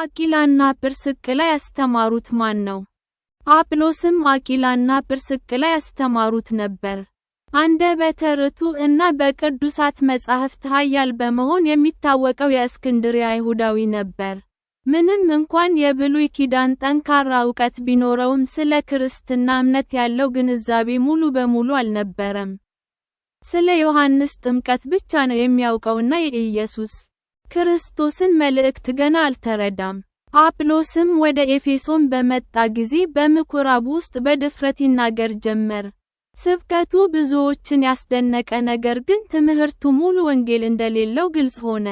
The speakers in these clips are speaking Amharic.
አቂላና ጵርስቅላ ያስተማሩት ማን ነው? አጵሎስም አቂላና ጵርስቅላ ያስተማሩት ነበር። አንደበተ ርቱዕ እና በቅዱሳት መጻሕፍት ኃያል በመሆን የሚታወቀው የእስክንድርያ አይሁዳዊ ነበር። ምንም እንኳን የብሉይ ኪዳን ጠንካራ እውቀት ቢኖረውም ስለ ክርስትና እምነት ያለው ግንዛቤ ሙሉ በሙሉ አልነበረም። ስለ ዮሐንስ ጥምቀት ብቻ ነው የሚያውቀውና የኢየሱስ ክርስቶስን መልእክት ገና አልተረዳም። አጵሎስም ወደ ኤፌሶን በመጣ ጊዜ በምኩራብ ውስጥ በድፍረት ይናገር ጀመር። ስብከቱ ብዙዎችን ያስደነቀ ነገር ግን ትምህርቱ ሙሉ ወንጌል እንደሌለው ግልጽ ሆነ።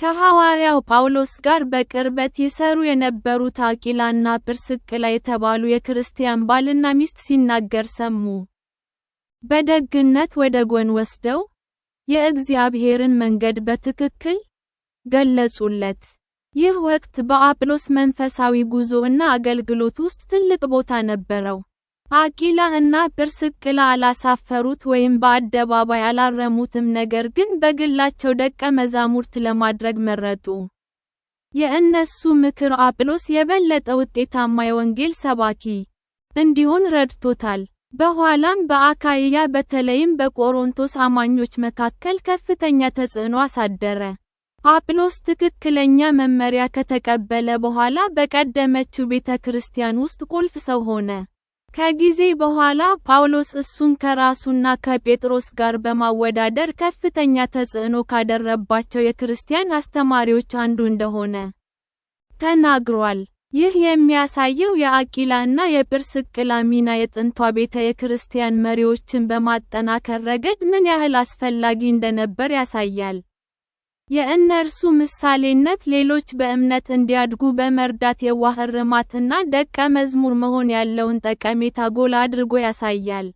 ከሐዋርያው ጳውሎስ ጋር በቅርበት ይሰሩ የነበሩት አቂላና ጵርስቅላ የተባሉ የክርስቲያን ባልና ሚስት ሲናገር ሰሙ። በደግነት ወደ ጎን ወስደው፣ የእግዚአብሔርን መንገድ በትክክል ገለጹለት። ይህ ወቅት በአጵሎስ መንፈሳዊ ጉዞ እና አገልግሎት ውስጥ ትልቅ ቦታ ነበረው። አቂላ እና ጵርስቅላ አላሳፈሩት ወይም በአደባባይ አላረሙትም፣ ነገር ግን በግላቸው ደቀ መዛሙርት ለማድረግ መረጡ። የእነሱ ምክር አጵሎስ የበለጠ ውጤታማ የወንጌል ሰባኪ እንዲሆን ረድቶታል። በኋላም በአካይያ በተለይም በቆሮንቶስ አማኞች መካከል ከፍተኛ ተጽዕኖ አሳደረ። አጵሎስ ትክክለኛ መመሪያ ከተቀበለ በኋላ በቀደመችው ቤተ ክርስቲያን ውስጥ ቁልፍ ሰው ሆነ። ከጊዜ በኋላ ጳውሎስ እሱን ከራሱና ከጴጥሮስ ጋር በማወዳደር ከፍተኛ ተጽዕኖ ካደረባቸው የክርስቲያን አስተማሪዎች አንዱ እንደሆነ ተናግሯል። ይህ የሚያሳየው የአቂላና የጵርስቅላ ሚና የጥንቷ ቤተ የክርስቲያን መሪዎችን በማጠናከር ረገድ ምን ያህል አስፈላጊ እንደነበር ያሳያል። የእነርሱ ምሳሌነት ሌሎች በእምነት እንዲያድጉ በመርዳት የዋህ እርማትና ደቀ መዝሙር መሆን ያለውን ጠቀሜታ ጎላ አድርጎ ያሳያል።